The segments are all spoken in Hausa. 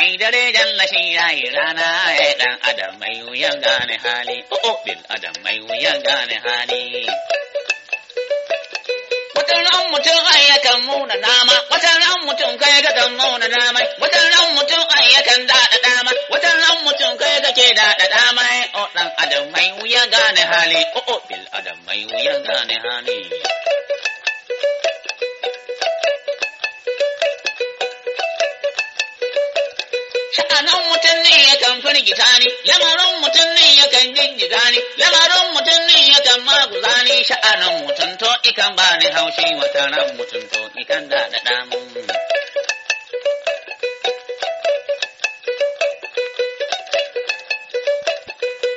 yayi dare na shi yayi rana ya eh, dan adam mai wuyan gane hali o oh, oh, bil adam mai wuyan gane hali wata ran mutum ai yakan muna nama wata ran mutum kai ga kan muna nama wata ran mutum ai yakan dada dama wata ran mutum kai ga ke dada dama eh, o oh, dan adam mai wuyan gane hali o bil adam mai wuyan gane hali ne yakan firgita ni lamarin mutum ne yakan jijjiga ni lamarin mutum ne yakan maguza ni sha'anin mutum to ikan ba ni haushi wata ran mutum to ikan da da damun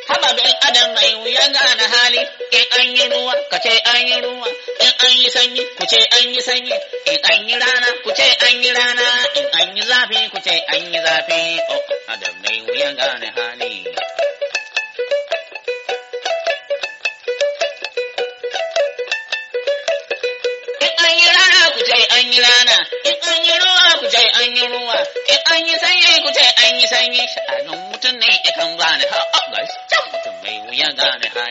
Haba bin adam mai wuya gane hali in an yi ruwa ka ce an yi ruwa in an yi sanyi ku ce an yi sanyi in an yi rana ku ce an yi rana in an yi zafi ku ce an yi zafi oh adam mai wuyan gane hali ce an rana, in an yi ruwa ku anyi ruwa, in sanyi ha, mutum mai wuya ha.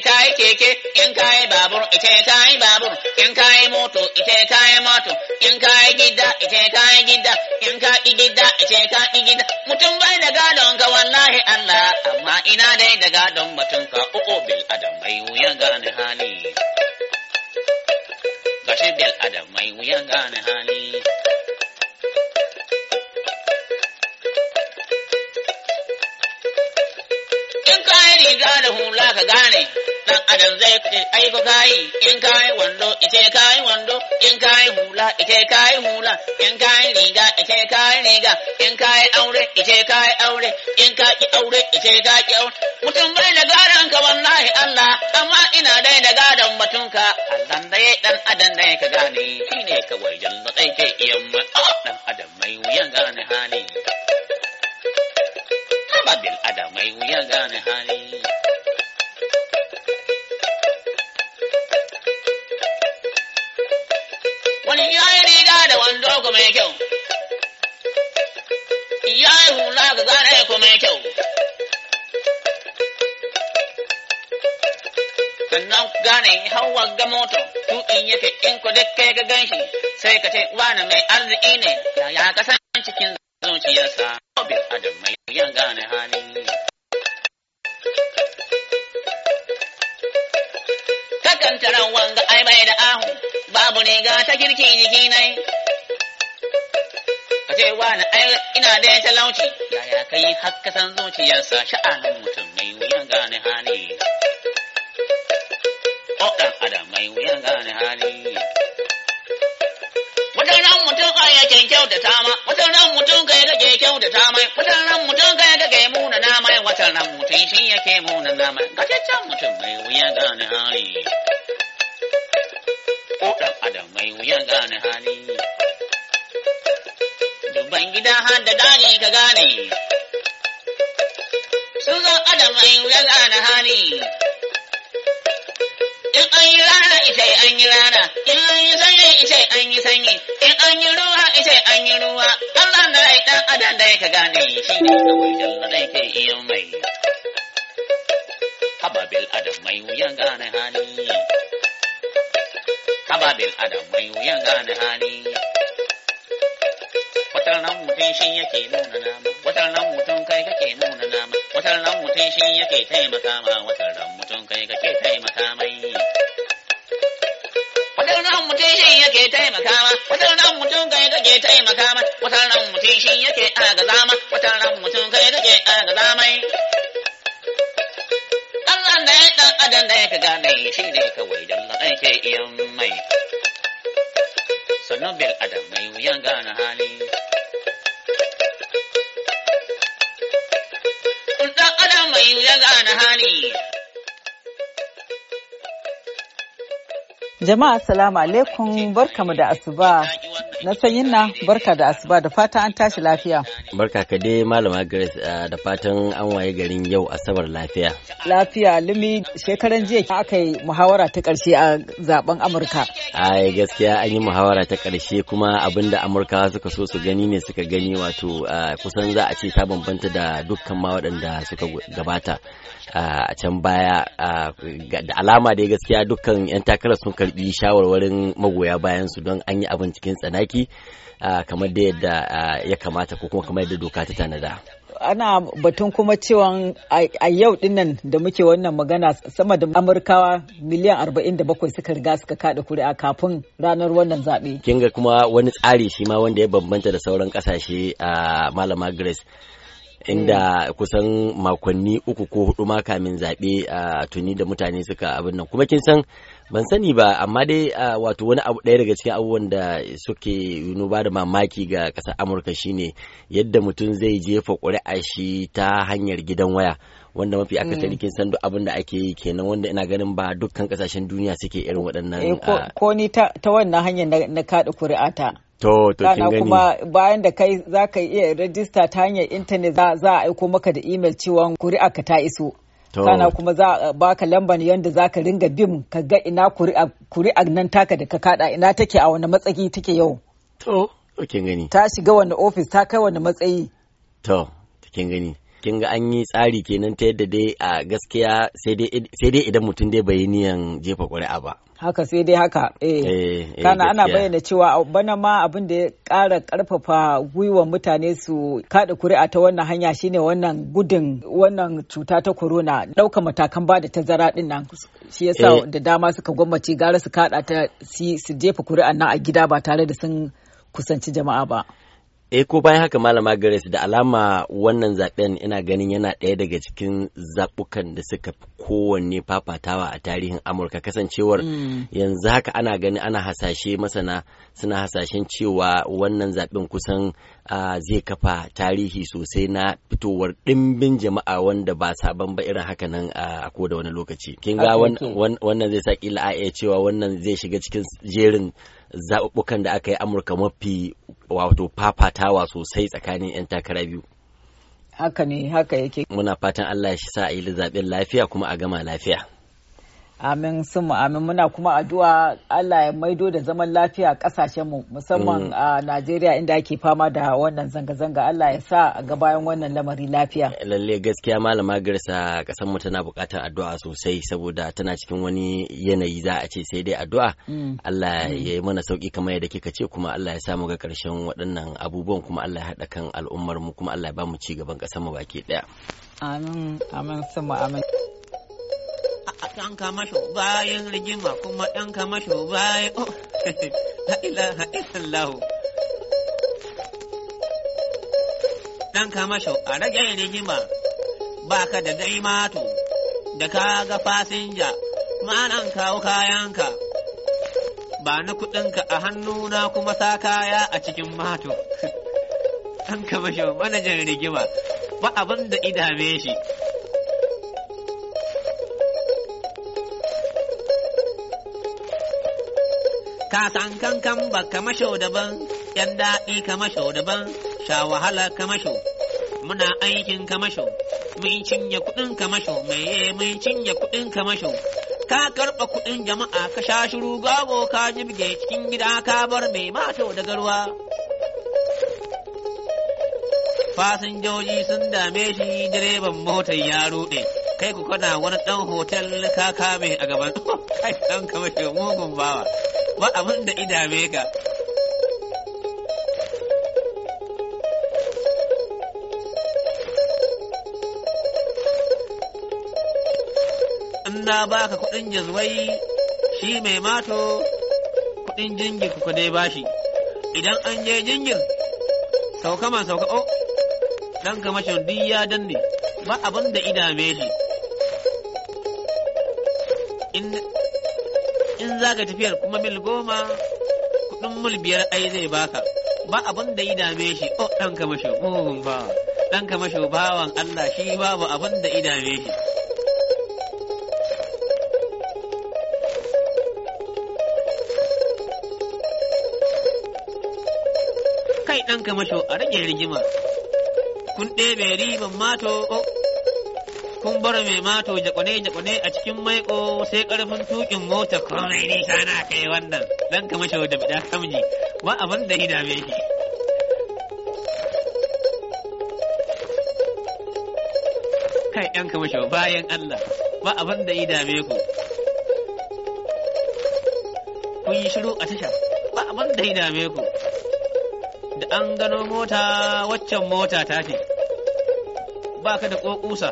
ta keke in ka babur ita ta babur in ka moto ita ta moto in ka gida ita ta gida in ka gida ita ta gida mutum bai da gadon ka wallahi Allah amma ina dai da gadon batun ka uku bil adam mai wuya gane hali gashi bil adam mai wuya gane hali in ka riga da hula ka gane dan adam zai kai ai ko kai in kai wando ite kai wando in kai hula ite kai hula in kai riga ite kai riga in kai aure ite kai aure in ka ki aure ite ka aure mutum bai da garan ka wallahi Allah amma ina dai da garan batun ka Allah dai dan adam dai ka gane shine kawai da kai ke iyan ma ah, dan adam mai wuyan gane hali adam mai gane hali da wando ku mai kyau. Ya yi hula ga zane ku mai kyau. Sannan gane hawa ga motar in yake in ku duk kai ga ganshi sai ka ce wani mai arziki ne ya ya kasan cikin zuciyarsa. Obin Adam mai yan gane hali. Kakan ran wanga bai bai da ahu babu ne ga ta kirki jiki nai ka ce wa na ai ina da ya talauci yaya kai hakka san zuciyarsa sha'anin mutum mai wuyan gane hali o dan adam mai wuyan gane hali wata mutum ka ya ke ta ma wata mutum ka ya ke ta mai wata ran mutum ka ya ke muna na mai wata mutum shi yake muna na mai ga mutum mai wuyan gane hali ko adam mai wuyan gane hali. Duban gida har da dani ka gane, Sun adam mai wuyan gane hali. In an yi rana isai an yi rana, in an yi sanyi isai an yi sanyi, in an yi ruwa isai an yi ruwa, Allah na rai dan adam da ka gane shi ne kawai Allah da ke iya mai. Haba bil adam mai wuyan gane hali. haba bil adam mai wuyan gane hali watar nan mutum shi yake nuna nama watar nan mutum kai kake nuna nama watar nan mutum shi yake taimaka ma watar nan mutum kai kake taimaka mai watar nan mutum shi yake taimaka ma watar nan mutum kai kake taimaka ma watar nan mutum shi yake agaza ma watar nan mutum kai kake agaza mai Allah ne dan adam ne ka gane shi ne kawai dan aike iyan mai sannan bil adam mai wuyan gane hali dan adam mai wuyan gane hali jama'a assalamu alaikum barkamu da asuba na sanyin na barka da asuba da fata an tashi lafiya barka ka dai malama grace ah, da fatan an waye garin yau asabar lafiya lafiya lumi shekaran jiya aka yi muhawara ta karshe a zaben amurka ai gaskiya an yi muhawara ta karshe kuma abinda amurka suka so su gani ne suka gani wato ah, kusan za a ce ta bambanta da dukkan ma waɗanda suka gabata ah, a can baya da alama dai gaskiya dukkan 'yan takarar sun karbi shawarwarin magoya bayan su don an yi abin cikin tsanaki kamar da yadda ya kamata ko kuma kamar yadda doka ta tanada. ana batun kuma cewa a yau dinnan da muke wannan magana sama da amurkawa miliyan arba'in da bakwai suka riga suka kada kuri'a kafin ranar wannan zaɓe. kin ga kuma wani tsari shi ma wanda ya bambanta da sauran kasashe a malama grace inda kusan makonni uku ko hudu ma kamin zaɓe a tuni da mutane suka abin nan kuma kin san ban sani ba amma dai wato wani abu ɗaya daga cikin abubuwan da suke ba da mamaki ga ƙasar amurka shine yadda mutum zai jefa ƙuri'a shi ta hanyar gidan waya wanda mafi mm. akasari kin san duk abin da ake yi kenan wanda ina ganin ba dukkan ƙasashen duniya suke irin waɗannan eh, ko ni ta wannan hanyar na kaɗa ƙuri'a ta To, to kin gani. kuma bayan da kai za ka iya rajista ta hanyar intanet za a aiko maka da imel cewa ƙuri'a ka ta iso. sana kuma za a eh, baka lamban yadda za ka ringa bin ka ga ina kuri'ar nan taka da ka kada ina take a wani matsayi take yau to kin gani ta shiga wani ofis ta kai wani matsayi to kin gani kin ga an yi tsari kenan ta yadda dai a gaskiya sai dai idan mutum dai bai niyan jefa ƙuri'a ba haka sai dai haka eh, eh, eh kana ana bayyana cewa bana ma abin da ya ƙara ƙarfafa gwiwar mutane su kaɗa kuri'a ta wannan hanya shine wannan gudun wannan cuta ta corona ɗaukar matakan ba da tazara ɗin nan shi yasa eh. da dama suka gwammace gara su kaɗa ta su jefa kuri'a nan a gida ba tare da sun kusanci jama'a ba E ko bayan haka malama Grace da alama wannan zaben ina ganin yana ɗaya daga cikin zaɓukan da suka fi kowanne fafatawa a tarihin Amurka kasancewar mm. yanzu haka ana gani ana hasashe masana suna hasashen cewa wannan zaɓen kusan zai kafa tarihi sosai na fitowar ɗimbin jama'a wanda ba sabon ba irin haka nan a ko da wani lokaci. Kin ga wannan zai sa kila a cewa wannan zai shiga cikin jerin zaɓuɓɓukan da aka yi amurka mafi wato fafatawa sosai tsakanin 'yan takara biyu haka ne haka yake muna fatan allah shi sa a yi zaɓen lafiya kuma a gama lafiya Amin sun amin muna kuma addu'a Allah ya maido da zaman lafiya a kasashenmu musamman mm. a Najeriya inda ake fama da wannan zanga-zanga Allah ya sa ga bayan wannan lamari lafiya. Lalle gaskiya malama garsa kasan mu tana bukatar addu'a sosai saboda tana cikin wani yanayi za a ce sai dai addu'a mm. Allah ya yi mana sauki kamar yadda kika ce kuma Allah ya sa mu ga karshen waɗannan abubuwan kuma Allah ya haɗa kan al'ummar mu kuma Allah ya ba mu ci gaban kasar mu baki ɗaya. Amin amin sun amin. ɗan kamasho bayan rigima kuma ɗan kamasho bayan oh ɗan kamasho a rage rigima ba ka da zai mato da ka ga fasinja ma'anan kawo kayanka ba na kuɗinka a hannu hannuna kuma sa kaya a cikin mato ɗan kamasho manajan rigima ba abin da idame shi Ka san kankan ba kama shau daban, ‘yan daɗi kama shau daban, sha wahala kama shau. Muna aikin kama shau, mun cinye kuɗin kama shau, eh, mun cinye kuɗin kama shau. Ka karɓa kuɗin jama'a ka sha shiru gago ka jibge cikin gida ka bar mai mato da garwa. Fasinjoji sun dame shi direban motar ya ruɗe. Kai ku kwana wani ɗan hotel ka kame a gaban ɗan kama mugun bawa. ba abin da idame ka in na baka kuɗin jazwai shi mai mato kuɗin jingir ku dai bashi idan an je jingir sauka man sauka o oh, dan kamashin duk ya danne ba abin da idame shi za ka tafiyar kuma mil goma kudin mil biyar ai zai baka ba abin da ya dame shi o oh, ɗan ka masho mugun mm, ba ɗan ka masho bawan Allah shi babu abin da ya dame shi kai ɗan ka masho a rage rigima kun ɗebe riban mato o oh. kun bar mai mato jakwane-jakwane a cikin maiko sai karfin tukin mota komai ne sana kai wannan dan kama shawo da bida samji ba abin da ya dame shi kai yan kama shawo bayan Allah ba abin da ya dame ku kun yi shiru a tasha ba abin da ya dame ku da an gano mota waccan mota ta ce ba ka da ƙoƙusa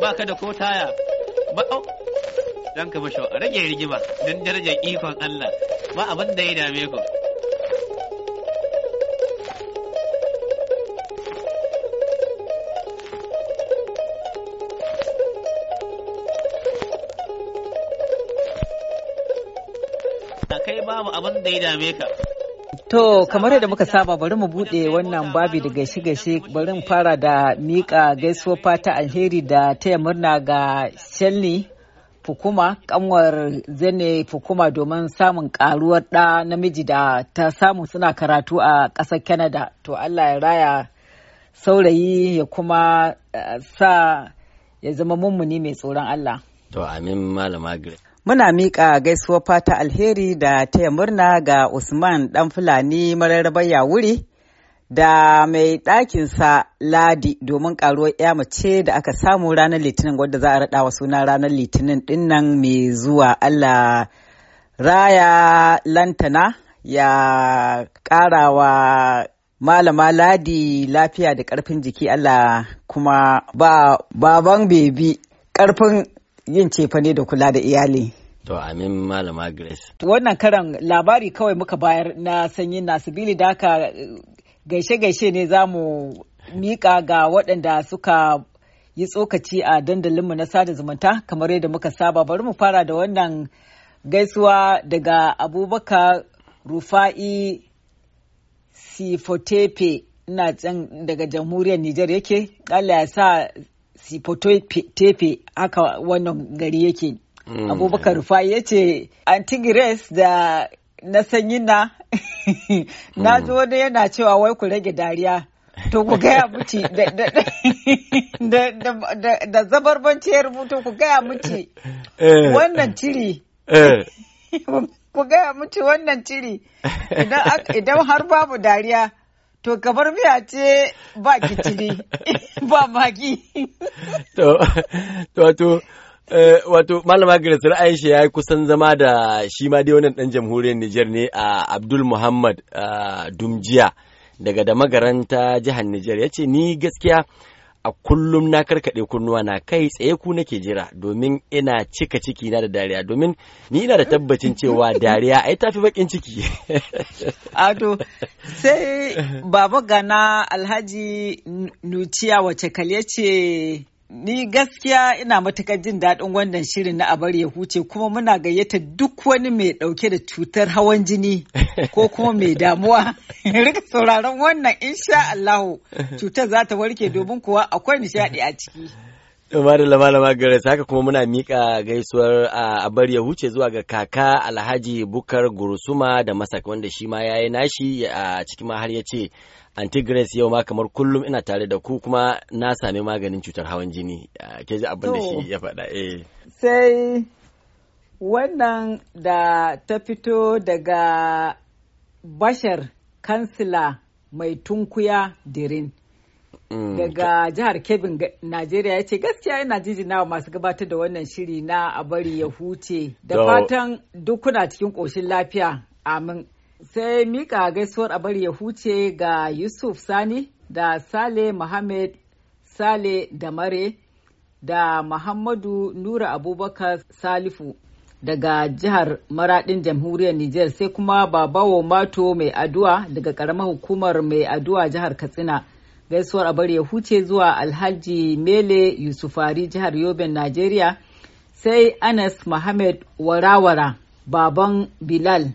ba ka da ko taya ba au dan ka A rage rigima dan darajar ikon Allah ba abin da ya dame ku kai babu abin da ya dame ka To kamar yadda muka saba bari mu bude wannan babi da gaishe-gaishe bari mu fara da mika gaisuwar fata alheri da taya murna ga Shelly Fukuma kanwar zane Fukuma domin samun karuwar ɗa namiji da ta samu suna karatu a ƙasar Canada. To Allah ya raya saurayi ya kuma eh, sa ya zama mummuni mai tsoron Allah. To amin malama Grace. Muna miƙa gaisuwar fata alheri da taya murna ga Usman ɗan Fulani mararraba wuri da mai ɗakinsa Ladi domin ƙaruwar ya mace da aka samu ranar Litinin wadda za a raɗa wa suna ranar Litinin ɗinnan mai zuwa Allah raya lantana ya ƙarawa Malama Ladi lafiya da ƙarfin jiki Allah kuma ba baban bebi ƙarfin yin cefa ne da kula da iyali. To amin malama Grace. Wannan karan labari kawai muka bayar na sanyin nasibili da haka eh, gaishe-gaishe ne za mu miƙa ga waɗanda suka yi tsokaci a dandalinmu na sada zumunta kamar yadda muka saba bari mu fara da wannan gaisuwa daga abubakar rufa'i sifotepe ina can daga jamhuriyar nijar yake Allah ya sa foto tefe haka wannan gari yake hmm. abubakar rufa ya ce antigres da na sanyi na na hmm. zo wani yana cewa wai ku rage dariya to ku gaya muci da zabarbanci ya to ku gaya muci eh. wannan ciri eh. ku gaya muci wannan ciri idan har babu dariya To kamar miya ce ba kitiri ba maki. To wato eh, wato malama Aisha ya yi kusan zama da shi ma dai wannan dan jamhuriyar Nijar ne a Abdul Muhammad Dumjiya daga da magaranta jihar Nijar ya ce ni gaskiya a kullum na karkaɗe kunnuwa na kai tsaye ku nake jira domin ina cika ciki na da dariya domin ni ina da tabbacin cewa dariya ai tafi bakin ciki ato sai baba gana alhaji nuciya wace kalye ce Ni gaskiya ina matukar jin daɗin wannan shirin na abar ya huce kuma muna gayyata duk wani mai ɗauke da cutar hawan jini ko kuma mai damuwa. Rika sauraron wannan insha Allahu cutar za ta warke domin kuwa akwai nishaɗi a ciki. Malala Malama Gares haka kuma muna mika gaisuwar a bar ya huce zuwa ga kaka Alhaji Bukar Gursuma da Masak wanda shi ma yayi nashi a cikin har ya ce Grace yau ma kamar kullum ina tare da ku kuma na sami maganin cutar hawan jini ke ji abin da shi ya faɗa eh sai wannan da ta fito daga Bashar kansila mai tunkuya Dirin Mm. daga jihar kebin Najeriya ya ce gaskiya yana jijina wa masu gabatar da wannan shiri na a bari ya huce da fatan duk kuna cikin koshin lafiya amin sai mika gaisuwar a bari ya huce ga Yusuf Sani da Sale Muhammad Sale da Mare da Muhammadu Nura Abubakar Salifu daga jihar maradin jamhuriyar Nijar sai kuma babawo mato mai addu'a daga karamar hukumar mai aduwa jihar Katsina. gaisuwar a bari ya huce zuwa alhaji mele yusufari jihar yoben najeriya sai anas mohammed warawara baban bilal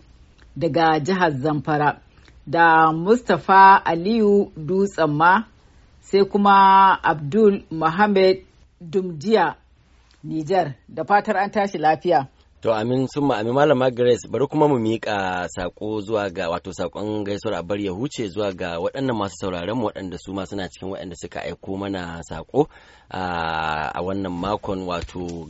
daga jihar zamfara da mustapha aliyu dutsen ma sai kuma abdul mohammed dumjiya nijar da fatar an tashi lafiya To amin sun ma'ami malama Grace bari kuma mu miƙa saƙo zuwa ga wato saƙon gaisuwar a bari ya huce zuwa ga waɗannan masu sauraron mu waɗanda su ma suna cikin waɗanda suka aiko mana saƙo a wannan makon wato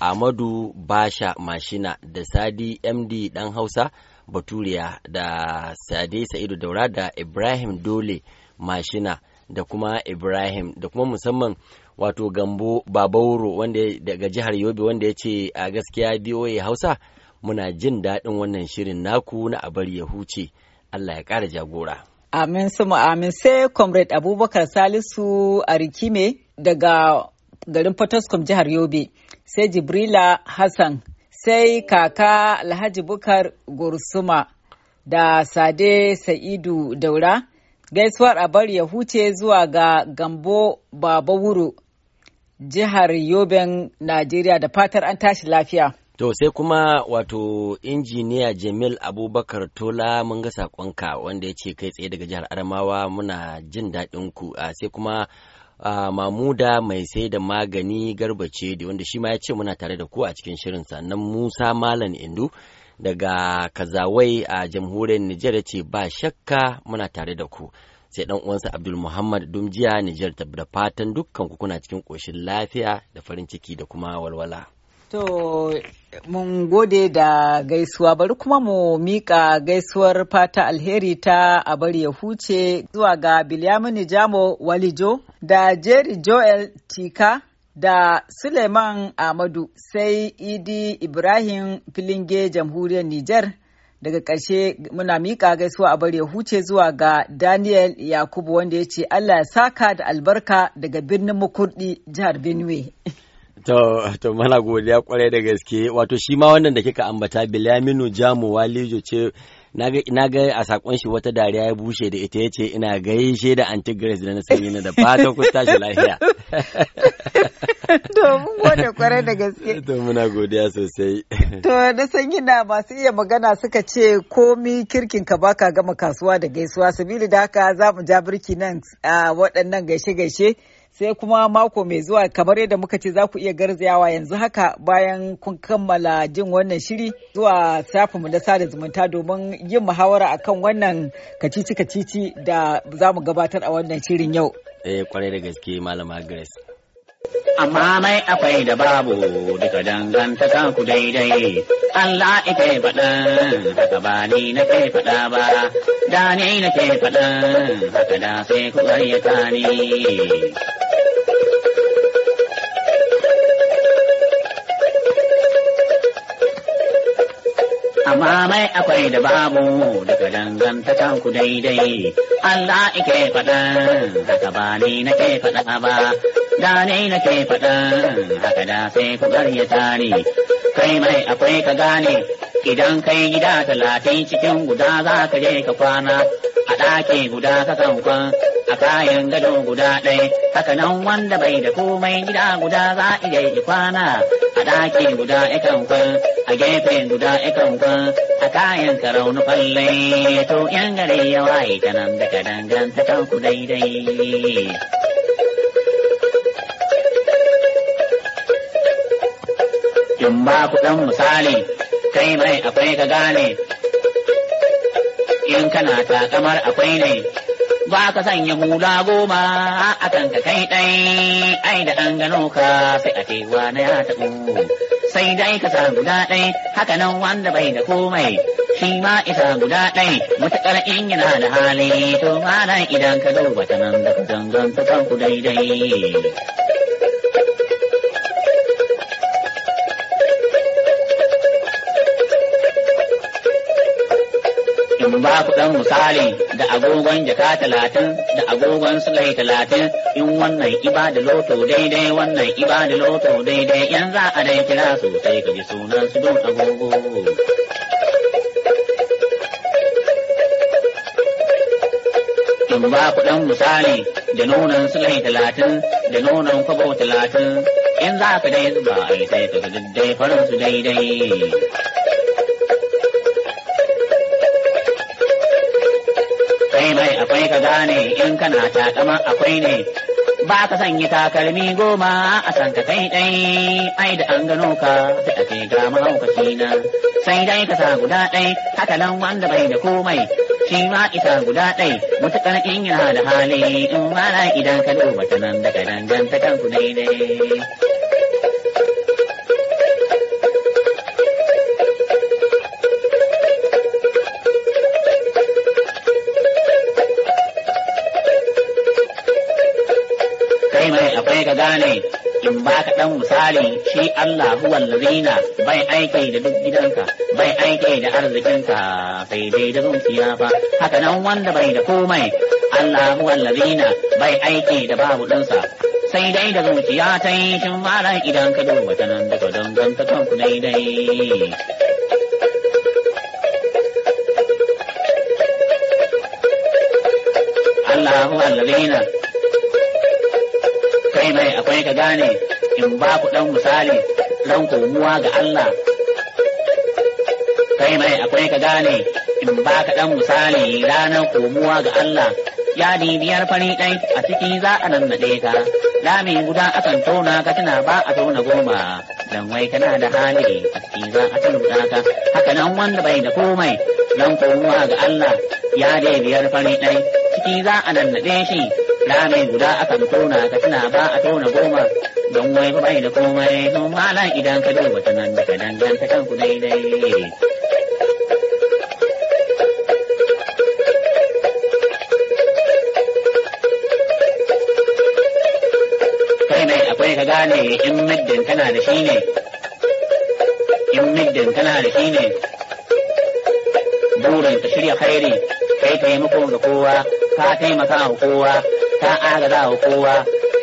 Amadu Basha Mashina da Sadi MD ɗan Hausa Baturiya da Sade Sa'idu Daura da Ibrahim Dole Mashina. da kuma Ibrahim da kuma musamman wato gambo babauro wanda daga jihar yobe wanda ya ce a gaskiya ya hausa muna jin daɗin wannan shirin naku na a bari ya huce allah ya ƙara jagora amin sumu amin sai comrade abubakar salisu a rikime daga garin potoscom jihar yobe sai jibrila hassan sai kaka alhaji bukar gursuma da sade sa'idu daura gaisuwar a bari ya huce zuwa ga gambo baba wuro jihar Yoben, Najeriya da fatar an tashi lafiya. To sai kuma wato injiniya Jamil Abubakar Tola mun ga sakonka wanda ya ce kai tsaye daga jihar Adamawa muna jin daɗin ku sai kuma Uh, mamuda mai sai da magani garbace da wanda shi ma ya ce muna tare da ku a cikin shirin sannan musa malam indu daga kazawai a jamhuriyar nijar ya ce ba shakka muna tare da ku sai dan uwansa Abdul Muhammad Dumjiya Nijar ta da fatan dukkan ku kuna cikin koshin lafiya da farin ciki da kuma walwala. To mun gode da gaisuwa bari kuma mu mika gaisuwar fata alheri ta a bari ya huce zuwa ga Bilyamini Jamo Walijo da Jerry Joel Tika da Suleiman Ahmadu sai Idi Ibrahim Filinge Jamhuriyar Nijar daga ƙarshe muna miƙa gaisuwa a bari ya huce zuwa ga daniel yakubu wanda ya ce allah ya saka da albarka daga birnin mukurdi jihar benue To, to mana godiya kwarai da gaske, wato shi ma wannan da kika ambata Bilaminu Jamu Walijo ce na ga a sakon shi wata dariya ya bushe da ita yace ina gaishe da anti grace da na sani na da fatan ku tashi lafiya to mun gode kwarai da gaske to muna godiya sosai to na san yana masu iya magana suka ce komi kirkin ka baka gama kasuwa da gaisuwa sabili da haka za mu ja birki nan waɗannan gaishe gaishe sai kuma mako mai zuwa kamar yadda muka ce za ku iya garzayawa yanzu haka bayan kun kammala jin wannan shiri zuwa shafinmu na sada zumunta domin yin muhawara akan wannan kacici kacici da za mu gabatar a wannan shirin yau. Eh kwarai da gaske malama Grace. amma mai akwai da babu duka dangantaka ku daidai Allah ike faɗa haka ba ni na ke faɗa ba da ni na ke faɗa haka da sai ku ƙaryata ni. amma mai akwai da babu daga dangantakan ku daidai Allah ike faɗa haka ba ni na ke faɗa ba da na ke faɗa haka da sai ku tare kai mai akwai ka gane idan kai gida talatin cikin guda za ka je ka kwana a ɗaki guda ka kan kwan a kayan gado guda ɗaya haka nan wanda bai da komai gida guda za a iya kwana a ɗaki guda kan kwan a gefe guda kan kwan a kayan karau na falle to yan gare ya waye ta nan da ka danganta ku daidai. in ba ku ɗan misali kai mai akwai ka gane in kana takamar akwai ne ba ka sanya hula goma a kanka kai ɗai ai da an gano ka sai a cewa na ya taɓu sai dai ka sa guda ɗai haka nan wanda bai da komai shi ma isa guda ɗai matuƙar in yana da hali to ma idan ka duba ta nan da ku danganta kanku daidai. ba ku ɗan misali da agogon jaka talatin da agogon sulai talatin in wannan iba da loto daidai wannan iba da loto daidai yan za a dai kira sosai ka ji sunan su don agogo. In ba ku ɗan misali da nonon sulai talatin da nonon kwabo talatin in za ka dai zuba ai sai ka ga daidai farin su daidai. Kai mai akwai ka gane in kana takama akwai ne ba ka sanya takalmi goma a san ka kai ɗai ai da an gano ka da ake ga mahaukaci na sai dai ka sa guda dai haka nan wanda bai da komai shi ma isa guda dai mutuƙar in yana da hali in ma idan ka duba ta nan daga dangantakan ku daidai. sai ka gane in ba ka ɗan misali shi Allah huwa lazina bai aiki da duk gidanka bai aiki da arzikinka sai dai da zuciya ba haka nan wanda bai da komai Allah huwa lazina bai aiki da babu ɗansa sai dai da zuciya ta yi shin mara idan ka duba ta nan daga ta kanku daidai. Allah huwa lazina mai akwai ka gane in ba ku ɗan misali ran komuwa ga Allah. Kai mai akwai ka gane in ba ka ɗan misali ranar komuwa ga Allah. Ya biyar fari ɗai a ciki za a nan naɗe ka. Lami guda akan tona ka tana ba a tona goma. Dan wai kana da hali a ciki za a taluɗa ka. Haka nan wanda bai da komai ran komuwa ga Allah. Ya biyar fari ɗai ciki za a nan naɗe shi. rami guda aka tauna ka tana ba a tauna goma don wai ba da komai don mala idan ka duba ta nan da kadan dan ta kanku daidai kai mai akwai ka gane in middin kana da shi ne in middin kana da shi ne burin ka shirya khairi kai taimako ga kowa ka taimaka wa kowa ta aga wa kowa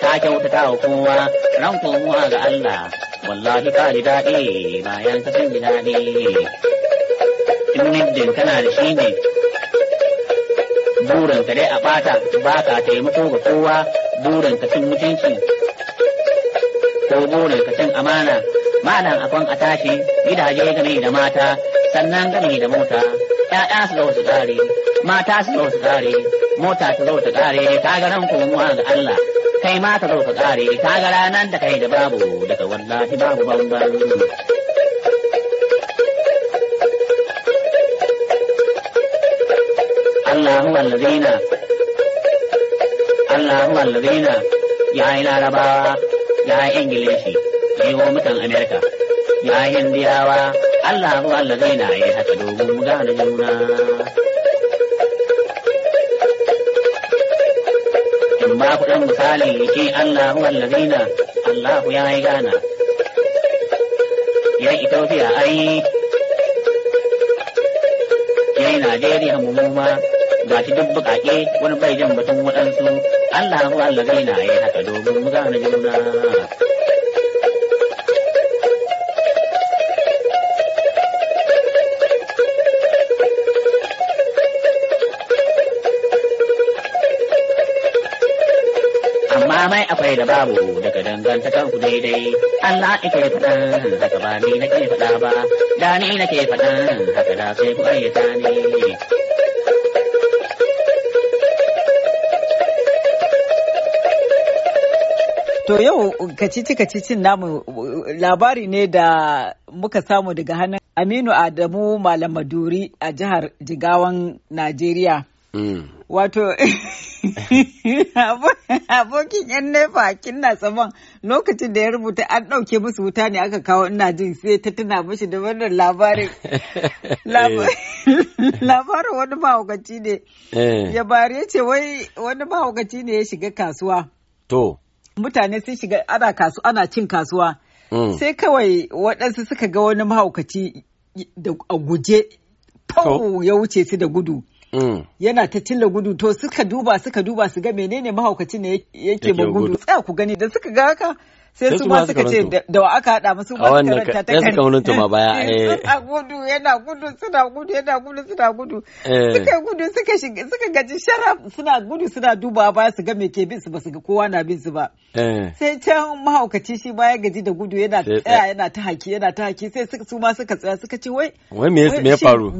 ta kyautata wa kowa ran kowa ga Allah wallahi ka ji daɗi bayan ka san ji daɗi in mijin kana da shi ne burinka dai a ɓata ba ka taimako ga kowa burinka cin mutunci ko burinka cin amana malam akon a tashi gidaje game da mata sannan game da mota 'ya'ya su da wasu tsari mata su da wasu tsari mota ta zo ta kare ka ga ran kuma ga Allah kai ma ta zo ta kare ka ga ranan da kai da babu daga wallahi babu babu Allahu allazina Allahu allazina ya yi larabawa ya yi ingilishi ya yi wa mutan America ya yi hindiyawa Allahu allazina ya ta dogon mu gane juna ba ku ɗan misali yake Allah huwa allazina Allah ya yi gana ya yi Ethiopia ai ya yi Najeriya mu ma ga shi duk buƙaƙe wani bai jan batun waɗansu Allah huwa allazina ya haka domin mu gane juna makamai akwai da babu daga dangantakar ku daidai Allah ke faɗan haka ba ni nake faɗa ba da ni nake faɗan haka da sai ku ayyata ni To yau kacici kacicin namu labari ne da muka samu daga hannun Aminu Adamu Malamaduri a jihar Jigawan Najeriya. Mm. wato abokin yan nefa kinna tsaman lokacin da ya rubuta an ɗauke musu wuta ne aka kawo ina jin sai ta tuna mashi da wannan labarin eh. labarin wani mahaukaci ne eh. ya bari ya ce wai wani mahaukaci ne ya shiga kasuwa to mutane sun shiga ana kasu ana cin kasuwa mm. sai kawai waɗansu suka ga wani mahaukaci a guje ya wuce su da gudu Mm. yana ta tilla gudu to suka duba suka duba su ga menene mahaukacin ne yake ba gudu tsaya ku gani da suka ga haka sai su ma suka ce da wa aka haɗa musu ma suka ta kai Sai kaunin ma baya eh. a gudu yana gudu suna gudu yana gudu suna gudu eh. suka gudu suka shiga suka gaji sharaf suna gudu suna duba baya su ga me ke bin su ba su ga kowa na bin su ba eh. sai can mahaukaci shi baya gaji da gudu yana tsaya yana ta haki yana ta haki sai su ma suka tsaya suka ce wai wai me ya faru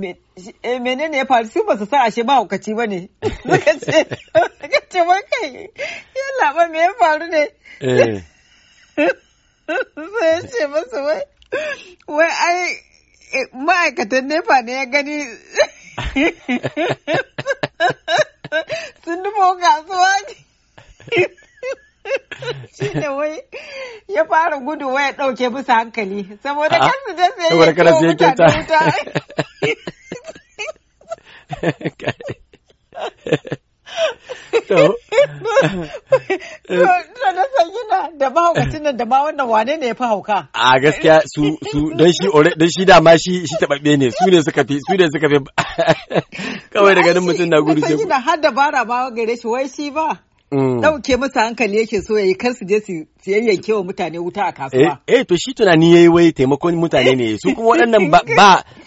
menene ya faru su ba su sa ashe mahaukaci ba ne suka ce wai kai yalla ba me ya faru ne sai ya ce masa wai wai ai eh, ma'aikatan nefa ne ya gani sun dubo kasuwa shi ne wai ya fara gudu waya ɗauke musu hankali saboda kansu da sai ya kiwo mutane wuta to mahaukacin nan da ma wannan wane ne ya fi hauka a gaskiya su su don shi ore don shi dama shi shi tababbe ne su ne suka fi su ne suka fi kawai daga nan mutum na gudu sai Na har dabara ba gare shi wai shi ba dauke mm. masa hankali yake so yayi kar su je su yayyanke wa mutane wuta a kasuwa eh, eh to shi tunani yayi wai taimakon mutane ne su kuma waɗannan ba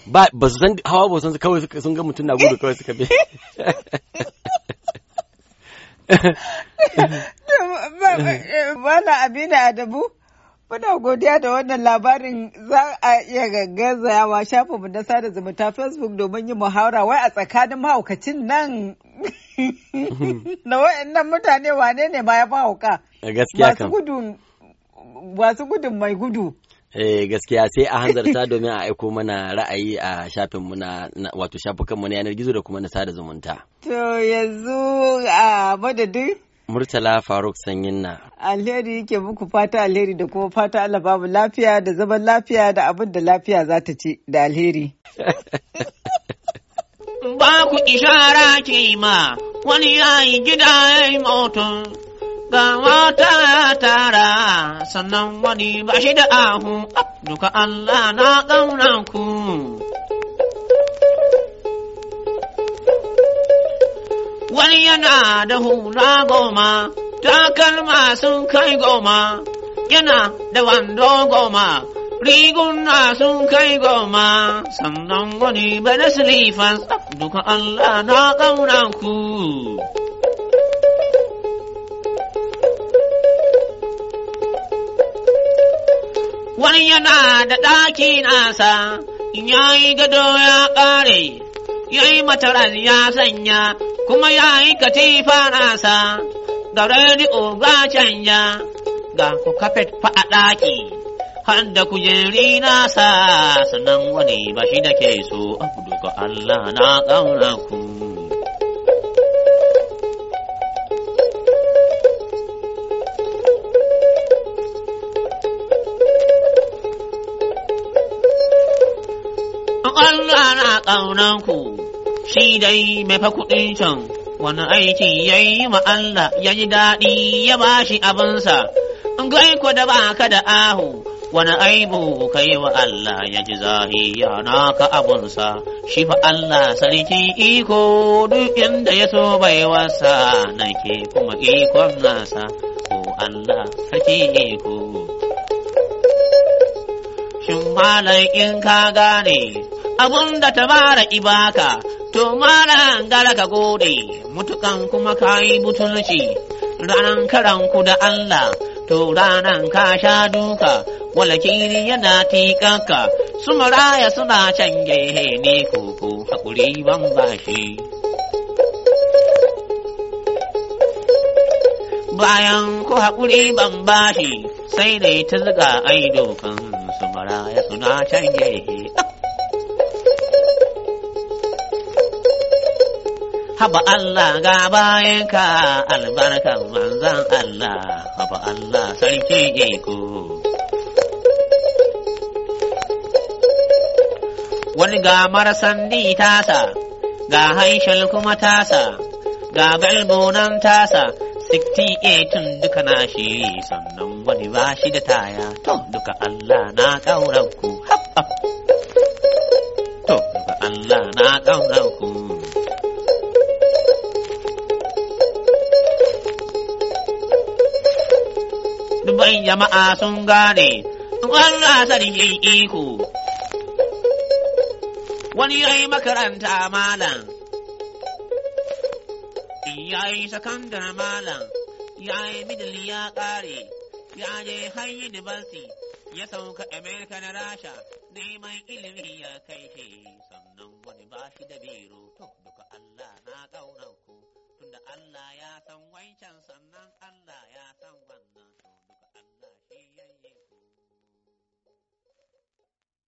ba ba su san hawa ba su san kawai sun ga mutum na gudu kawai suka bi Bala Amina Adamu, muna godiya da wannan labarin za a iya gaggazawa shafinmu na sada zumunta Facebook domin yin muhawara wai a tsakanin mahaukacin nan na wa'annan mutane wane ne ma ya mahauka. Gaskiya kan. Masu gudun mai gudu. Eh gaskiya sai a hanzarta domin a aiko mana ra'ayi a shafin muna, wato shafukan mu na yanar gizo da kuma na sada zumunta. To yanzu a madadin Murtala Faruk Sanyin na. Alheri yake muku fata alheri da kuma fata Allah babu lafiya da zaman lafiya da abin da lafiya za ta ci da alheri. Babu ishara ke ma wani yayi gida ya yi ga mata tara sannan wani ba shi da ahu duka Allah na ƙauna ku. Wani yana da hula goma, takalma sun kai goma, yana da wando goma, riguna sun kai goma, sannan wani ba da silifan duka Allah na ƙauna ku. Idan yana da ɗaki nasa, ya yayi gado ya ƙare, ya yi ya sanya, kuma ya yi katifa nasa, ga rediyo ga canja, ga ku kafet fa a ɗaki, har da kujeri nasa, Sanan wani ba shi da ke so, abu duka Allah na ƙauna ku. sunanku shi dai mai fa kuɗin can wani aiki ya yi Allah ya ji daɗi ya ba shi abinsa gai ku da baka da ahu wani aibu ka yi wa Allah ya ji zahiya naka abinsa shi fa Allah sarki iko duk inda ya so bai wasa nake kuma ikon nasa ko Allah sarki iko shin malam in ka gane abun da ta bara ibaka, to mara gara ka gode, mutukan kuma ka yi butulci, ranan karanku da Allah, to ranan ka sha duka, walakiri yana tikaka, su maraya suna can gehe ne koko haƙuri ban bashi. Bayan ku haƙuri ban bashi, sai dai ta zuga ai dokan su maraya suna can gehe. haba Allah ga bayanka albarkan manzan Allah haba Allah sarki iko wani ga marasan ni tasa ga haishal kuma tasa ga galbonan tasa 68 duka na shi sannan wani ba shi da taya to duka Allah na ƙaunar ku to duka Allah na ƙaunar ku duban jama'a sun gane, Allah yin iko. Wani ya yi makaranta malam, ya yi sakandar malam, ya yi ya ƙare, ya je har dibansi, ya sauka America na Rasha, neman ilimi ya kai shi, sannan wani ba shi da biro, to duka Allah na ƙaunar ku, tunda Allah ya san wancan